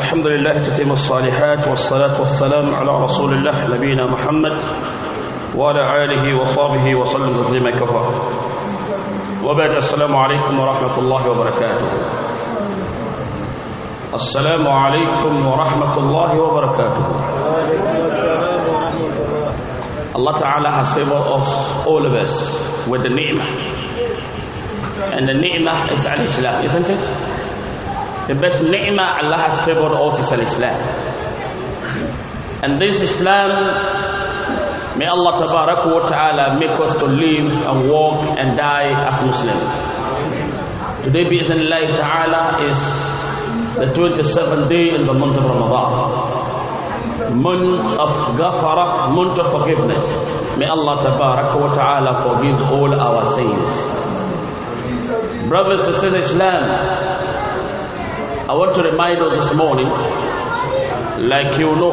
الحمد لله تتم الصالحات والصلاة والسلام على رسول الله نبينا محمد وعلى آله وصحبه وسلم تسليما كثيرا وبعد السلام عليكم ورحمة الله وبركاته السلام عليكم ورحمة الله وبركاته Allah Ta'ala has favored us, all of us, with the ni'mah. And the ni'mah is al-Islam, isn't it? The best ni'mah Allah has favored us is islam And this Islam, may Allah wa ta'ala make us to live and walk and die as Muslims. Today, Bismillah ta'ala is the 27th day in the month of Ramadan. Month of Ghafara, month of forgiveness. May Allah wa ta'ala forgive all our sins. Brothers and sisters Islam, I want to remind us this morning, like you know,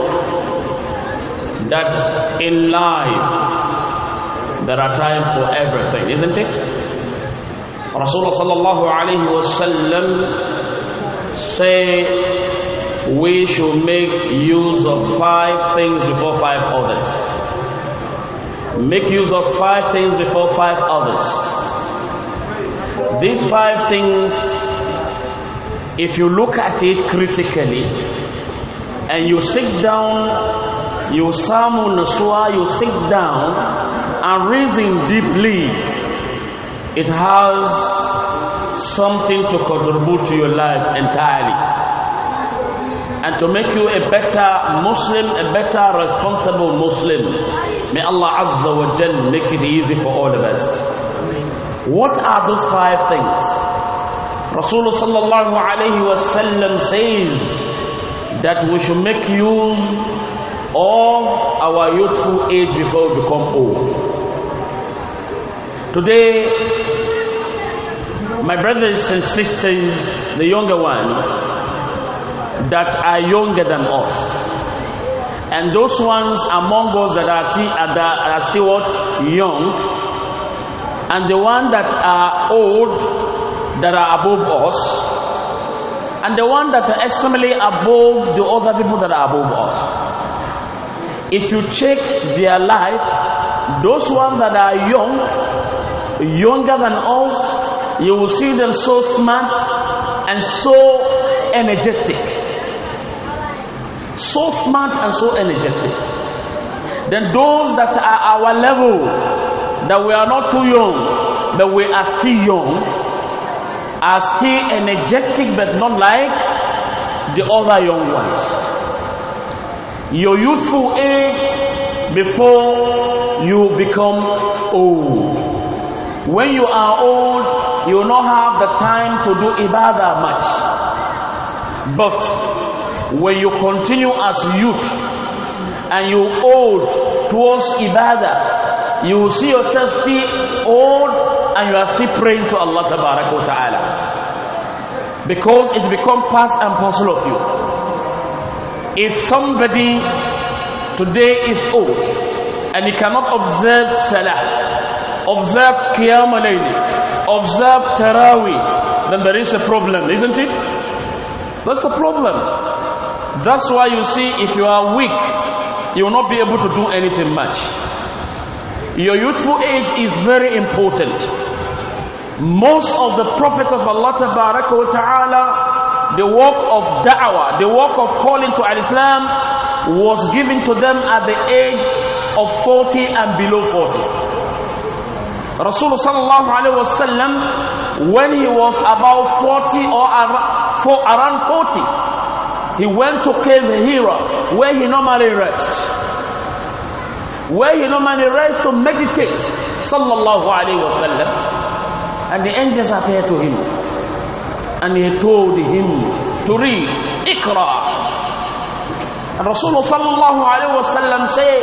that in life there are times for everything, isn't it? Rasulullah sallallahu alayhi wasallam say we should make use of five things before five others. Make use of five things before five others. These five things if you look at it critically and you sit down, you samu suwa, you sit down and reason deeply, it has something to contribute to your life entirely and to make you a better Muslim, a better responsible Muslim. May Allah Azza wa Jal make it easy for all of us. What are those five things? Rasulullah sallallahu alayhi wasallam says that we should make use of our youthful age before we become old. Today, my brothers and sisters, the younger ones that are younger than us, and those ones among us that are, that are still young, and the ones that are old that are above us and the one that are extremely above the other people that are above us. If you check their life, those ones that are young, younger than us, you will see them so smart and so energetic. So smart and so energetic. Then those that are our level, that we are not too young, but we are still young, are still energetic but not like the other young ones. Your youthful age before you become old. When you are old, you will not have the time to do ibadah much. But when you continue as youth and you old towards ibadah, you will see yourself still old and you are still praying to Allah Ta'ala because it becomes part and parcel of you. If somebody today is old and he cannot observe Salah, observe Qiyam al observe Taraweeh, then there is a problem, isn't it? That's the problem. That's why you see if you are weak, you will not be able to do anything much. Your youthful age is very important. Most of the prophets of Allah Ta'ala, the work of da'wah, the work of calling to Islam was given to them at the age of 40 and below 40. Rasulullah sallallahu alaihi wasallam when he was about 40 or around 40 he went to cave Hira where he normally rests where he normally rests to meditate sallallahu alaihi wasallam and the angels appeared to him and he told him to read ikra. and Rasulullah sallallahu alayhi said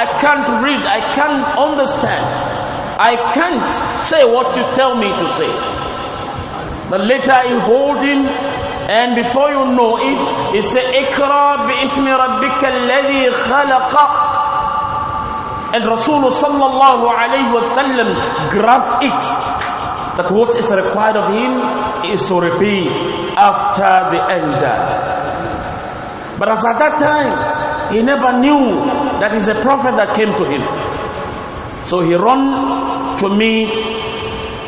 I can't read I can't understand I can't say what you tell me to say but later he hold him and before you know it he said ikra bi ismi rabbika alladhi khalaqa and Rasulullah sallallahu alayhi wa sallam grabs it that what is required of him is to repeat after the angel. But as at that time, he never knew that is a prophet that came to him. So he ran to meet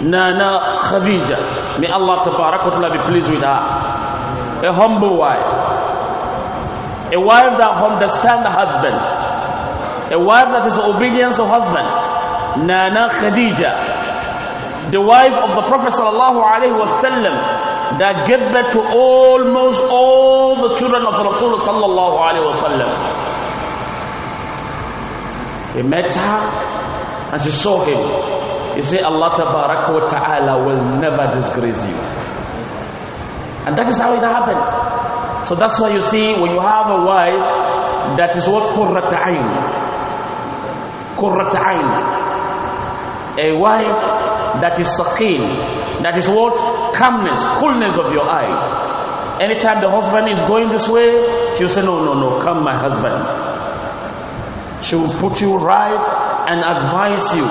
Nana Khadija. May Allah ta'ala be pleased with her. A humble wife. A wife that understands the husband. A wife that is obedient to husband. Nana Khadija the wife of the Prophet وسلم, that gave birth to almost all the children of Rasulullah. He met her and she saw him. He said, Allah wa ta'ala will never disgrace you. And that is how it happened. So that's why you see when you have a wife that is what qurrata ayn. A wife that is sakhil, that is what? Calmness, coolness of your eyes. Anytime the husband is going this way, she'll say, No, no, no, come, my husband. She will put you right and advise you.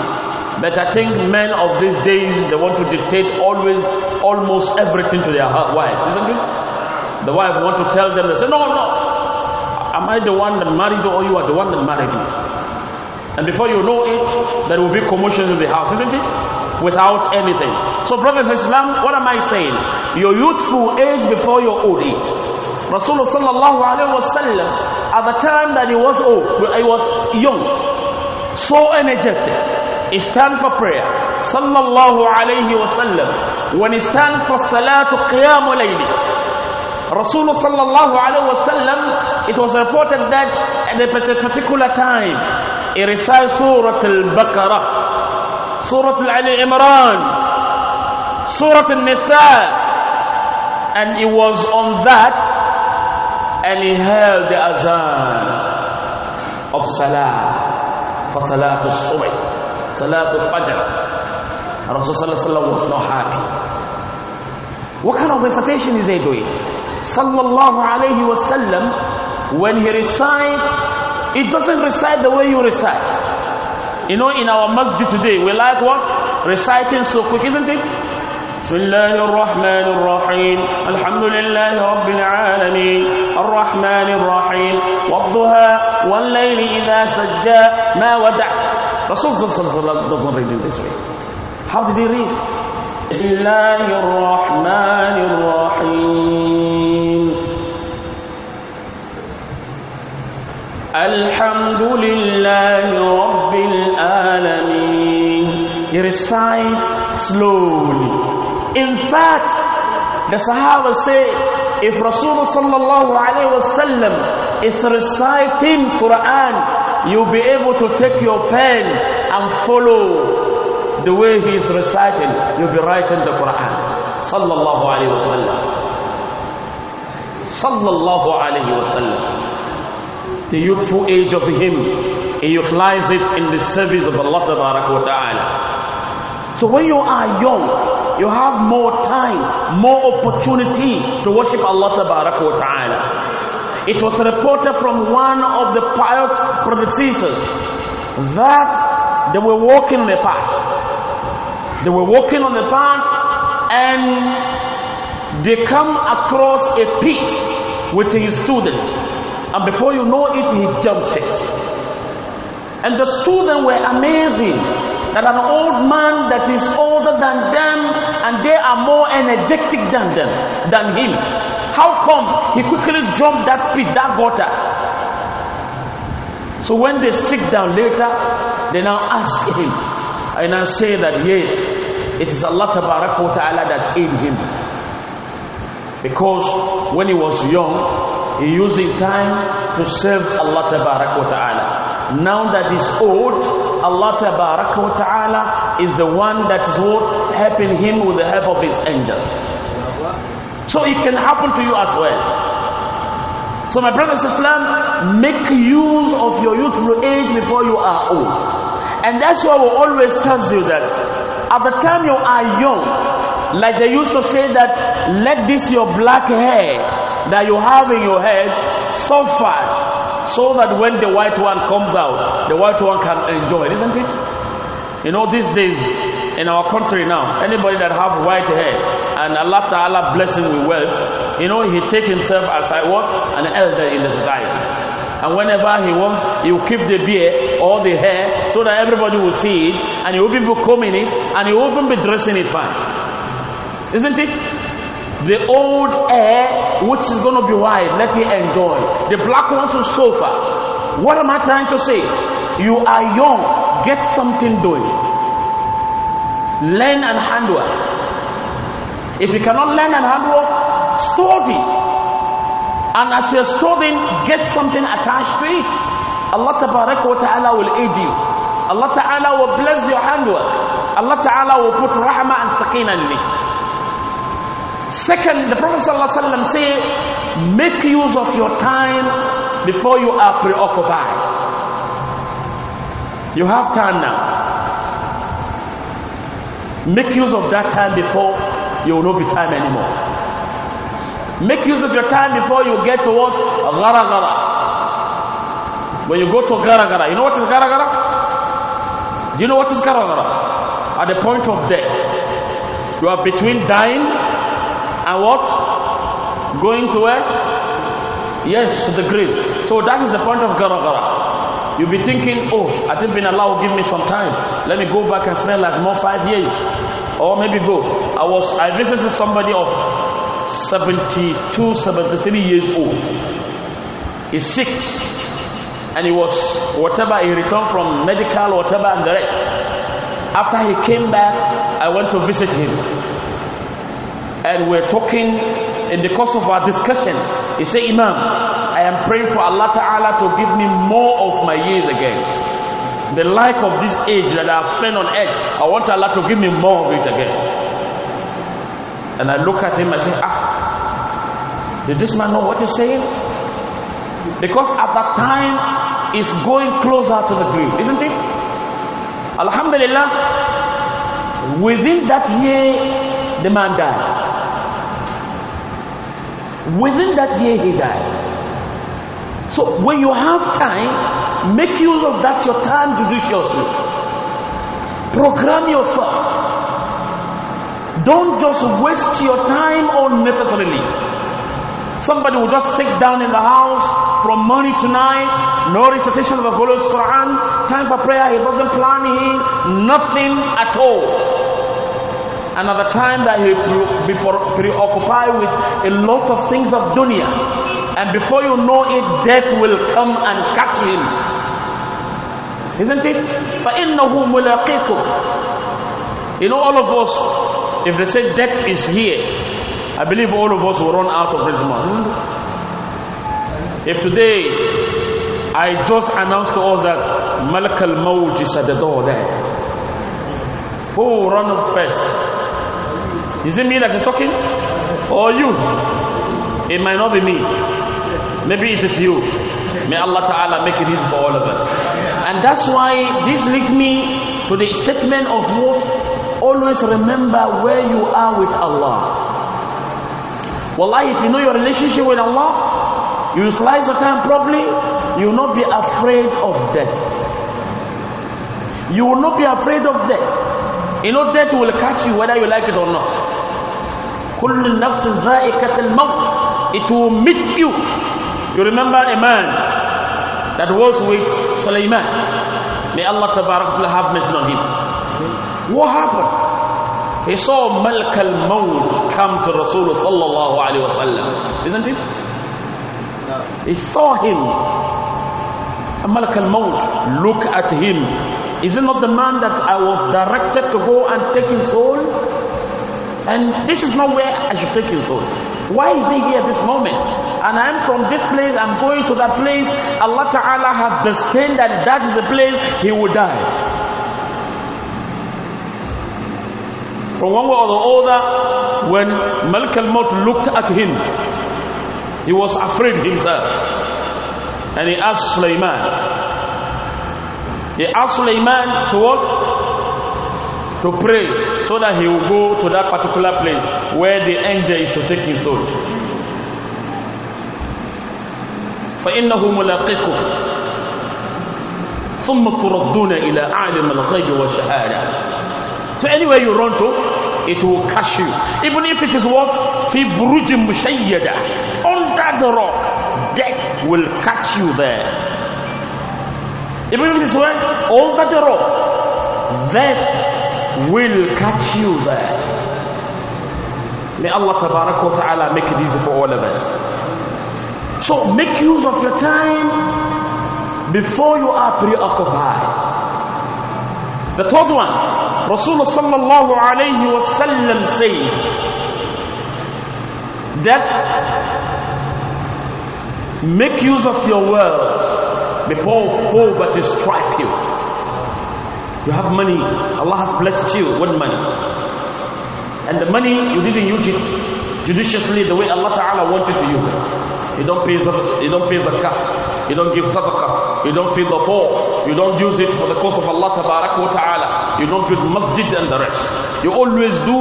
But I think men of these days, they want to dictate always, almost everything to their wife, isn't it? The wife want to tell them, they say, No, no, am I the one that married you or you are the one that married me? And before you know it, there will be commotion in the house, isn't it? without anything. So, brothers in Islam, what am I saying? Your youthful age before your old age. Rasulullah sallallahu alaihi wasallam, at the time that he was old, he was young, so energetic, he stands for prayer. Sallallahu alaihi wasallam. When he stands for salatu qiyamul layli, Rasulullah sallallahu alaihi wasallam, it was reported that at a particular time, he recites Surah Al-Baqarah. Surah Al Imran, Surah Al Nisa. And he was on that and he held the azan of Salah for Salah to Subh, Salah to Fajr. Rasulullah was not happy. What kind of recitation is he doing? Sallallahu alayhi wasallam, when he recites, it doesn't recite the way you recite. You know, in our masjid today, we like what? Reciting so quick, isn't it? بسم الله الرحمن الرحيم الحمد لله رب العالمين الرحمن الرحيم والضحى والليل إذا سجى ما ودع رسول الله doesn't read it this way how did he read بسم الله الرحمن الرحيم الحمد لله رب recite slowly. In fact, the Sahaba say, if Rasulullah sallallahu alayhi wasallam is reciting Quran, you'll be able to take your pen and follow the way he is reciting. You'll be writing the Quran. Sallallahu alayhi wasallam. Sallallahu alayhi wasallam. The youthful age of him, he utilized it in the service of Allah Ta'ala. So when you are young, you have more time, more opportunity to worship Allah wa Ta'ala. It was reported from one of the pious predecessors that they were walking on the path. They were walking on the path and they come across a pit with his student. And before you know it, he jumped it. And the students were amazing that an old man that is older than them and they are more energetic than them than him how come he quickly jumped that pit that gutter so when they sit down later they now ask him and I say that yes it is Allah Ta'ala that aid him because when he was young he used his time to serve Allah Ta'ala now that is old, Allah Ta'ala is the one that is helping him with the help of his angels. So it can happen to you as well. So my brothers and sisters, make use of your youthful age before you are old. And that's why we always tell you that at the time you are young, like they used to say that let this your black hair that you have in your head suffer so that when the white one comes out, the white one can enjoy it, isn't it? You know, these days in our country now, anybody that have white hair and Allah Ta'ala blessing with wealth, you know, he take himself as I what? An elder in the society. And whenever he wants, he will keep the beard or the hair so that everybody will see it and he will be combing it and he will even be dressing it fine. Isn't it? The old hair which is going to be wide, let it enjoy. The black ones will suffer. What am I trying to say? You are young, get something doing. Learn and handle. If you cannot learn and handle, study. And as you're studying, get something attached to it. Allah Ta'ala will aid you. Allah Ta'ala will bless your handwork. Allah Ta'ala will put rahmah and sakinah in me. Second, the Prophet ﷺ say, make use of your time before you are preoccupied. You have time now. Make use of that time before you will not be time anymore. Make use of your time before you get to what? Gara gara. When you go to gara gara, you know what is gara gara? Do you know what is gara gara? At the point of death, you are between dying and what? Going to where? Yes, to the grave. So that is the point of gara gara. You'll be thinking, oh, I think been Allah will give me some time. Let me go back and spend like more five years. Or maybe go. I was I visited somebody of 72, 73 years old. He's sick. And he was whatever he returned from medical, whatever and the rest. After he came back, I went to visit him and we're talking in the course of our discussion. He said, Imam, I am praying for Allah Ta'ala to give me more of my years again. The like of this age that I've spent on earth, I want Allah to give me more of it again. And I look at him, and say, Ah, did this man know what he's saying? Because at that time, he's going closer to the grave, isn't it? Alhamdulillah, within that year, the man died. Within that year, he died. So when you have time, make use of that your time judiciously. Program yourself. Don't just waste your time unnecessarily. Somebody will just sit down in the house from morning to night, no recitation of the Holy Quran, time for prayer, he doesn't plan, he, nothing at all. And at the time that he will be preoccupied with a lot of things of dunya and before you know it death will come and catch him isn't it فَإِنَّهُ مُلَاقِيكُمْ you know all of us if they say death is here I believe all of us will run out of this if today I just announced to us that Malak al-Mawj is at the door there who will run up first is it me that is talking? Or you? It might not be me. Maybe it is you. May Allah Ta'ala make it easy for all of us. And that's why this leads me to the statement of what always remember where you are with Allah. Wallahi, if you know your relationship with Allah, you slice your time properly, you will not be afraid of death. You will not be afraid of death. You know, death will catch you whether you like it or not. كل نفس ذائقة الموت it will meet you you remember a man that was with Salimah may Allah Ta'ala have mercy on him what happened he saw Malak al-Maut come to Rasulullah sallallahu isn't it he saw him Malak al-Maut look at him is it not the man that I was directed to go and take his soul? And this is not where I should take you So, Why is he here this moment? And I'm from this place, I'm going to that place. Allah Ta'ala has destined that that is the place he will die. From one way or the other, when Malik al looked at him, he was afraid himself. And he asked Sulaiman, he asked Sulaiman to what? to pray so that he will go to that particular place where the angel is to take his soul. فإنه ملاقيكم ثم تردون إلى عالم الغيب والشهادة so anywhere you run to, it will catch you. Even if it is what? في بُرُجِ مُشَيِّدَةٍ Under the rock, death will catch you there. Even if it is what Under the rock, death will catch you there. May Allah Ta'ala make it easy for all of us. So make use of your time before you are preoccupied. The third one, Rasulullah Sallallahu Alaihi Wasallam says that make use of your world before poverty strike you. You have money. Allah has blessed you with money. And the money, you didn't use it judiciously the way Allah Ta'ala wants you to use it. You don't pay, you don't pay zakah. You don't give sadaqah. You don't feed the poor. You don't use it for the cause of Allah Ta'ala. You don't build masjid and the rest. You always do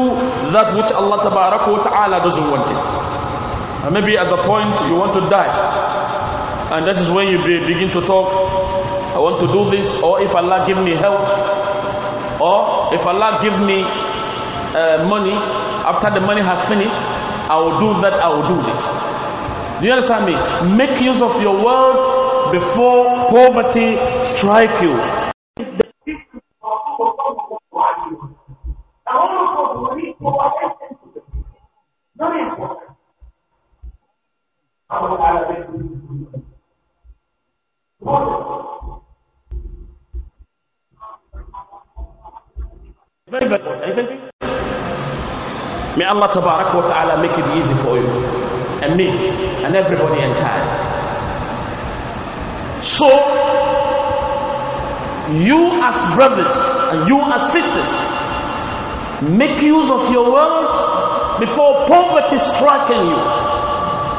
that which Allah Ta'ala doesn't want it. And maybe at the point you want to die. And that is when you begin to talk, I want to do this, or if Allah give me health, or if Allah give me uh, money, after the money has finished, I will do that, I will do this. Do you understand me? Make use of your wealth before poverty strike you. Allah wa ta'ala make it easy for you and me and everybody entire. So, you as brothers and you as sisters, make use of your wealth before poverty striking you.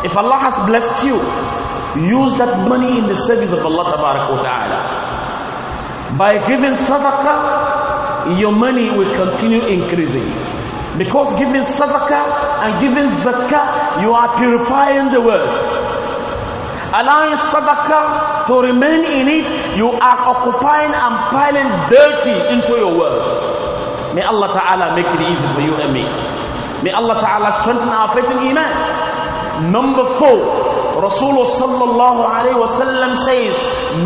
If Allah has blessed you, use that money in the service of Allah ta'ala. By giving sadaqah, your money will continue increasing. Because giving sadaqah and giving zakah, you are purifying the world. Allowing sadaqah to remain in it, you are occupying and piling dirty into your world. May Allah Ta'ala make it easy for you and me. May Allah Ta'ala strengthen our faith In iman. Number four, Rasulullah Sallallahu Alaihi Wasallam says,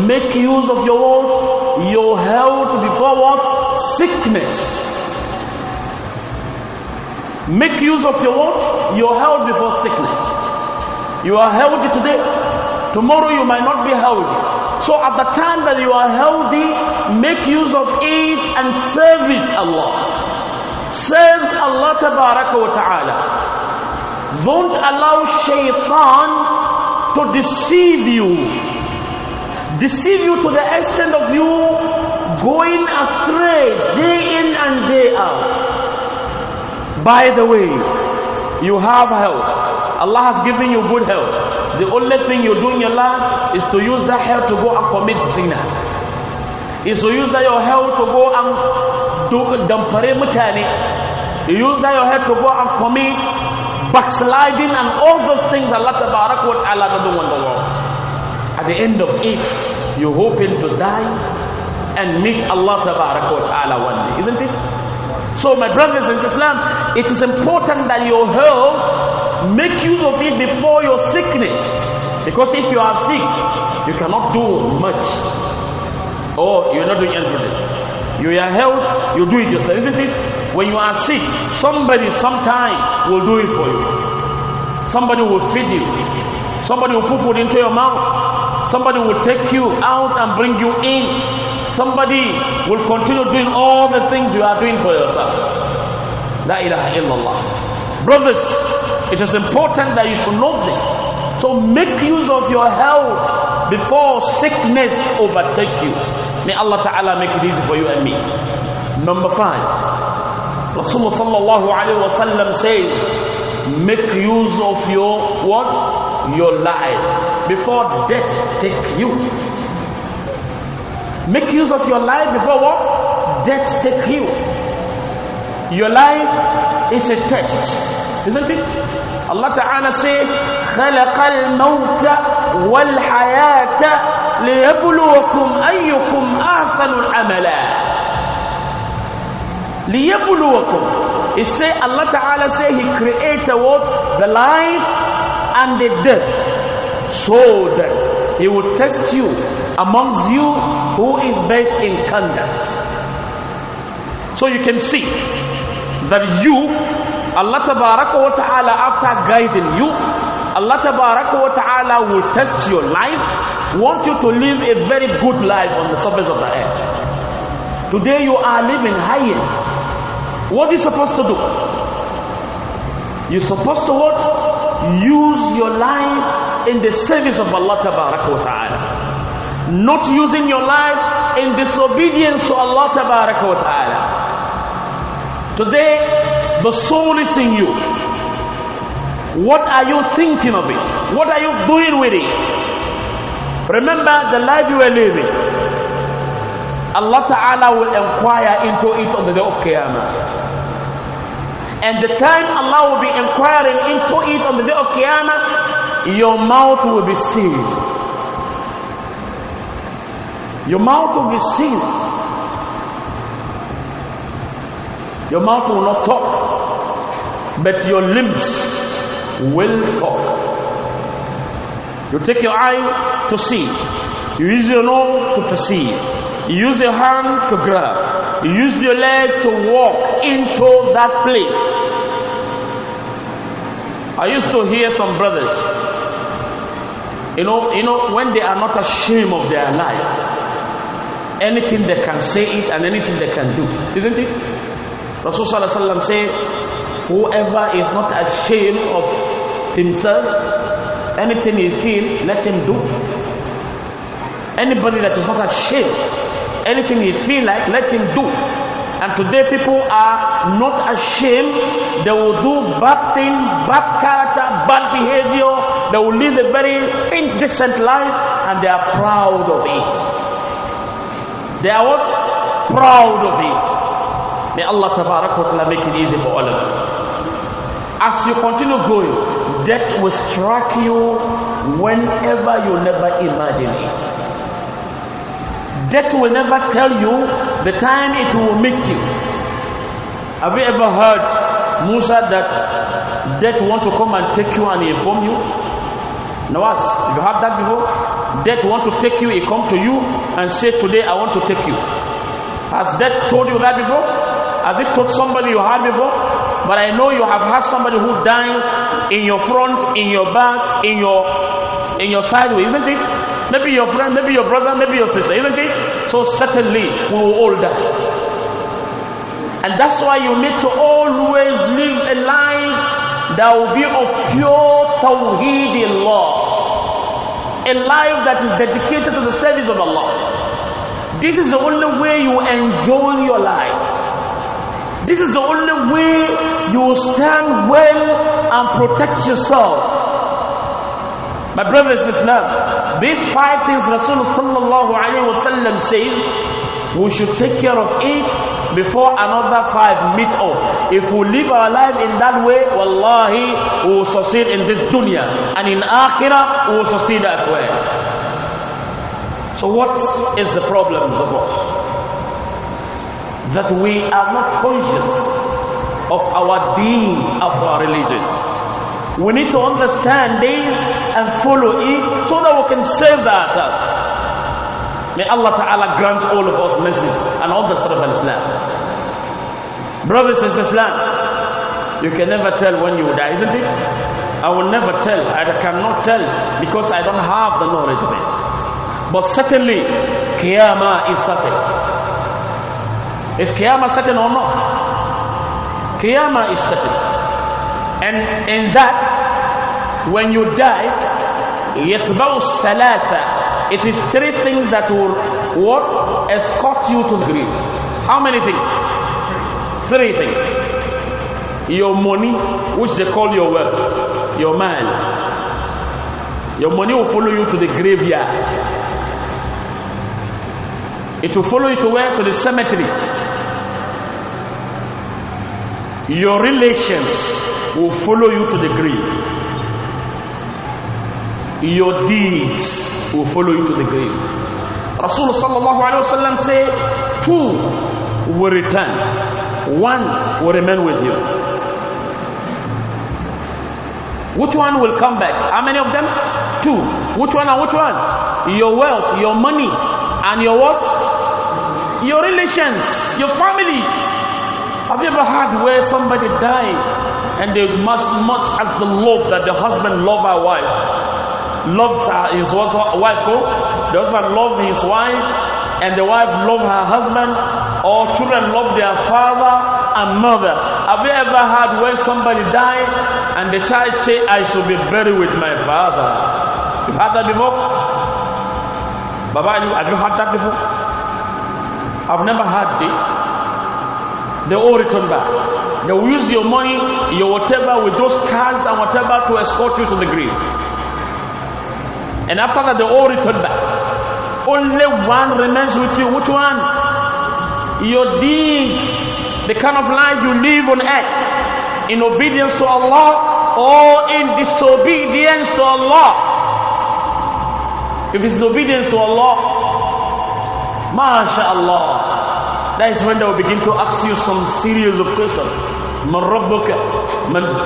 make use of your, world, your health before what? Sickness. Make use of your what? Your health before sickness. You are healthy today. Tomorrow you might not be healthy. So at the time that you are healthy, make use of it and service Allah. Serve Allah wa ta'ala. Don't allow shaitan to deceive you. Deceive you to the extent of you going astray day in and day out. By the way, you have help. Allah has given you good help. The only thing you do in your life is to use that help to go and commit zina. Is to use that your help to go and do dampare mutani. You use that your help to go and commit backsliding and all those things Allah Tabarak wa Ta'ala doesn't want the world. At the end of it, you're hoping to die and meet Allah Tabarak wa Ta'ala one day, isn't it? So, my brothers in Islam, it is important that your health make use of it before your sickness. Because if you are sick, you cannot do much. Or you're not doing anything. You are health, you do it yourself, isn't it? When you are sick, somebody sometime will do it for you. Somebody will feed you. Somebody will put food into your mouth. Somebody will take you out and bring you in somebody will continue doing all the things you are doing for yourself. La ilaha illallah. Brothers, it is important that you should know this. So make use of your health before sickness overtake you. May Allah Ta'ala make it easy for you and me. Number five, Rasulullah Sallallahu Alaihi Wasallam says, make use of your what? Your life before death take you. Make use of your life before what? Death take you. Your life is a test, isn't it? Allah Ta'ala say, خَلَقَ الْمَوْتَ وَالْحَيَاةَ لِيَبْلُوَكُمْ أَيُّكُمْ أَحْسَنُ الأملاء." لِيَبْلُوَكُمْ It say, Allah Ta'ala say, He created what? The life and the death. So that He will test you amongst you who is best in conduct. So you can see that you, Allah Tabaraka wa Ta'ala, after guiding you, Allah Tabaraka wa Ta'ala will test your life, want you to live a very good life on the surface of the earth. Today you are living high. What are you supposed to do? You're supposed to what? Use your life in the service of Allah Tabaraka wa Ta'ala not using your life in disobedience to Allah Ta'ala. Today, the soul is in you. What are you thinking of it? What are you doing with it? Remember the life you are living. Allah Ta'ala will inquire into it on the day of Qiyamah. And the time Allah will be inquiring into it on the day of Qiyamah, your mouth will be sealed. Your mouth will be sealed. Your mouth will not talk, but your lips will talk. You take your eye to see, you use your nose to perceive, you use your hand to grab, you use your leg to walk into that place. I used to hear some brothers, you know, you know, when they are not ashamed of their life, anything they can say it and anything they can do isn't it Rasulullah sallallahu say whoever is not ashamed of himself anything he feel let him do anybody that is not ashamed anything he feel like let him do and today people are not ashamed. They will do bad thing, bad character, bad behavior. They will live a very indecent life and they are proud of it. They are what? Proud of it. May Allah Ta'ala make it easy for all of us. As you continue going, death will strike you whenever you never imagine it. Death will never tell you the time it will meet you. Have you ever heard Musa that death want to come and take you and inform you? If you have that before? Death want to take you, he come to you and say, today I want to take you. Has death told you that before? Has it told somebody you had before? But I know you have had somebody who died in your front, in your back, in your in your sideways, isn't it? Maybe your friend, maybe your brother, maybe your sister, isn't it? So certainly we will all die. And that's why you need to always live a life that will be of pure tawheed in law a life that is dedicated to the service of Allah. This is the only way you enjoy your life. This is the only way you stand well and protect yourself. My brothers and sisters, these five things Rasulullah says, we should take care of it before another five meet up. If we live our life in that way, wallahi, we will succeed in this dunya. And in akhirah, we will succeed as well. So what is the problem of us? That we are not conscious of our deen, of our religion. We need to understand this and follow it so that we can save ourselves. May Allah Ta'ala grant all of us mercy and all the servants of Islam. Brothers and sisters, Islam, you can never tell when you will die, isn't it? I will never tell. I cannot tell because I don't have the knowledge of it. But certainly, Qiyamah is certain. Is Qiyamah certain or not? Qiyamah is certain. And in that, when you die, يتبع الثلاثة it is three things that will what? Escort you to the grave. How many things? Three things. Your money, which they call your wealth, your man. Your money will follow you to the graveyard. It will follow you to where? To the cemetery. Your relations will follow you to the grave your deeds will follow you to the grave. Rasulullah said, two will return, one will remain with you. Which one will come back? How many of them? Two. Which one and which one? Your wealth, your money, and your what? Your relations, your families. Have you ever heard where somebody died and they must much as the love that the husband love our wife? loved her, his wife, the husband loved his wife, and the wife loved her husband, All children love their father and mother. Have you ever heard when somebody died and the child say, I should be buried with my father? You've heard that before? Baba, have you heard that before? I've never heard it. They all return back. They will use your money, your whatever, with those cars and whatever to escort you to the grave. And after that, they all returned back. Only one remains with you. Which one? Your deeds, the kind of life you live on earth, in obedience to Allah or in disobedience to Allah. If it's obedience to Allah, mashallah, that is when they will begin to ask you some series of questions. من ربك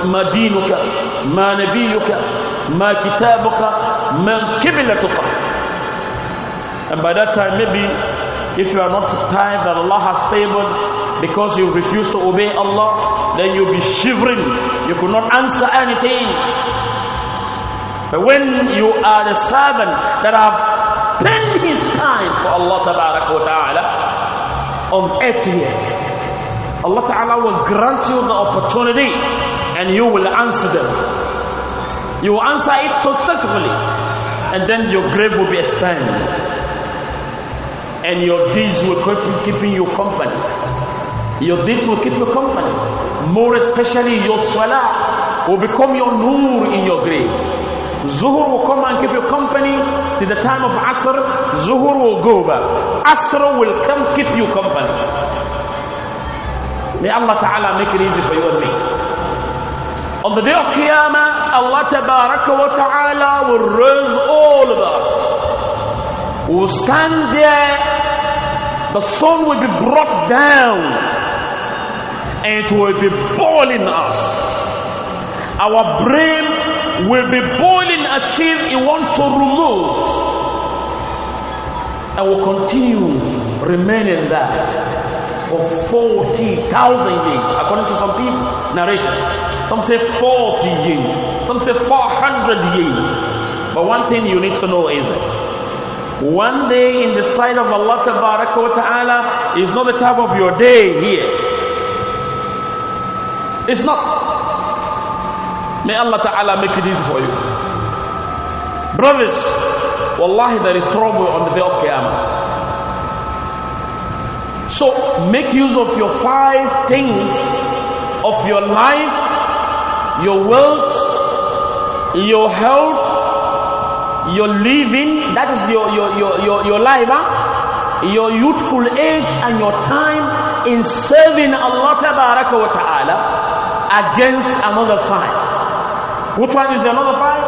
ما دينك ما نبيك ما كتابك من and by that time maybe if you are not tired that Allah has favored because you refuse to obey Allah then you'll be shivering you could not answer anything but when you are the servant that have spent his time for Allah ta'ala on earth here Allah ta'ala will grant you the opportunity and you will answer them you will answer it successfully and then your grave will be expanded and your deeds will keep keeping you company your deeds will keep you company more especially your salah will become your nur in your grave zuhur will come and keep you company to the time of asr zuhur will go back asr will come keep you company may allah ta'ala make it easy for you and me on the day of qiyamah Allah wa ta'ala will raise all of us. We will stand there, the sun will be brought down, and it will be boiling us. Our brain will be boiling as if it wants to remove. And will continue remaining there for 40,000 years, according to some people, narration some say 40 years, some say 400 years. But one thing you need to know is that one day in the sight of Allah Ta'ala is not the time of your day here. It's not. May Allah Ta'ala make it easy for you. Brothers, wallahi, there is trouble on the day of Qiyamah. So make use of your five things of your life your wealth, your health, your living, that is your, your, your, your, your life, huh? your youthful age and your time in serving Allah Ta'ala against another five. Which one is the another five?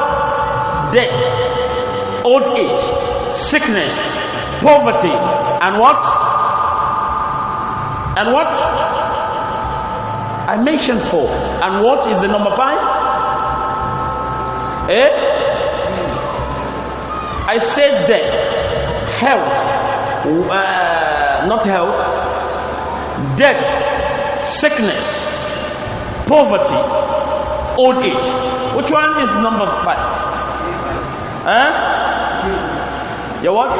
Death, old age, sickness, poverty, and what? And what? I mentioned four. And what is the number five? Eh? I said that health, uh, not health, death, sickness, poverty, old age. Which one is number five? Huh? Eh? Your what?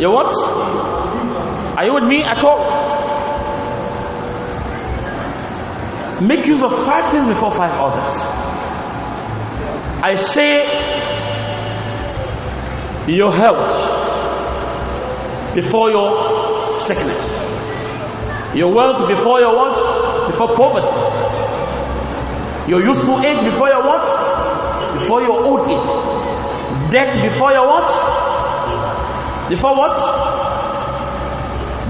Your what? Are you with me at all? Make use of five things before five others. I say your health before your sickness. Your wealth before your what? Before poverty. Your youthful age before your what? Before your old age. Death before your what? Before what?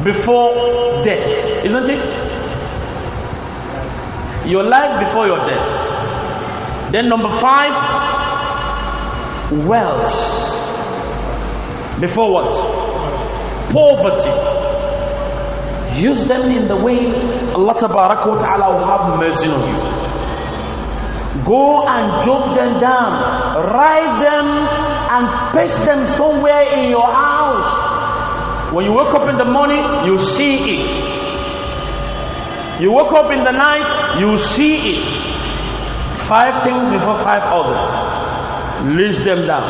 before death, isn't it? Your life before your death. Then, number five, wealth. Before what? Poverty. Use them in the way Allah Ta'ala will have mercy on you go and drop them down, write them and paste them somewhere in your house when you wake up in the morning, you see it. You wake up in the night, you see it. Five things before five others. List them down.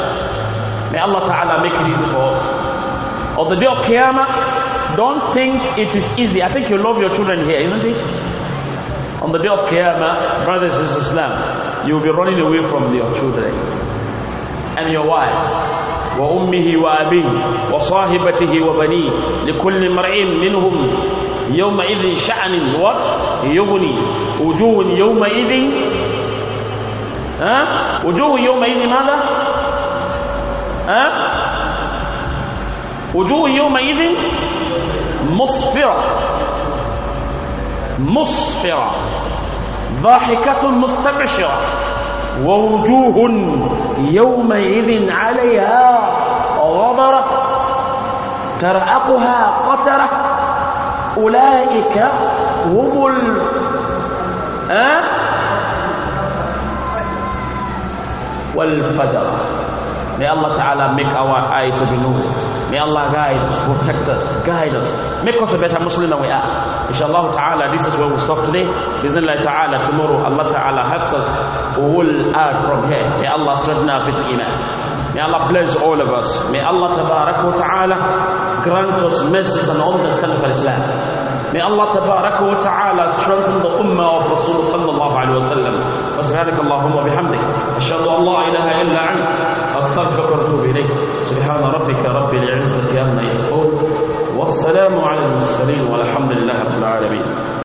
May Allah Ta'ala make it easy for us. On the day of Qiyamah, don't think it is easy. I think you love your children here, isn't it? On the day of Qiyamah, brothers and sisters, Islam, you will be running away from your children. and your wife وأمه وأبيه وصاحبته وبنيه لكل امرئ منهم يومئذ شأن what يغني وجوه يومئذ ها وجوه يومئذ ماذا ها وجوه يومئذ مصفرة مصفرة ضاحكة مستبشرة ووجوه يومئذ عليها غبرة ترأقها قترة أولئك هم ال... أه؟ والفجر May Allah Ta'ala make our eye to be known. May Allah guide us, protect us, guide us, make us a better Muslim than we are. Inshallah ta'ala, this is where we stop today. Bismillah ta'ala, tomorrow Allah ta'ala helps us. We will add from here. May Allah strengthen us with iman. May Allah bless all of us. May Allah ta'ala grant us mercy and understanding of Islam. May Allah tabarak wa ta'ala strengthen the ummah of Rasul sallallahu alayhi wa sallam. Wa subhanaka Allahumma bihamdik. Ashadu an ilaha illa Anta Astaghfirullah wa atubu ilayk. Subhana rabbika rabbil izzati amma yasifun. والسلام على المرسلين والحمد لله رب العالمين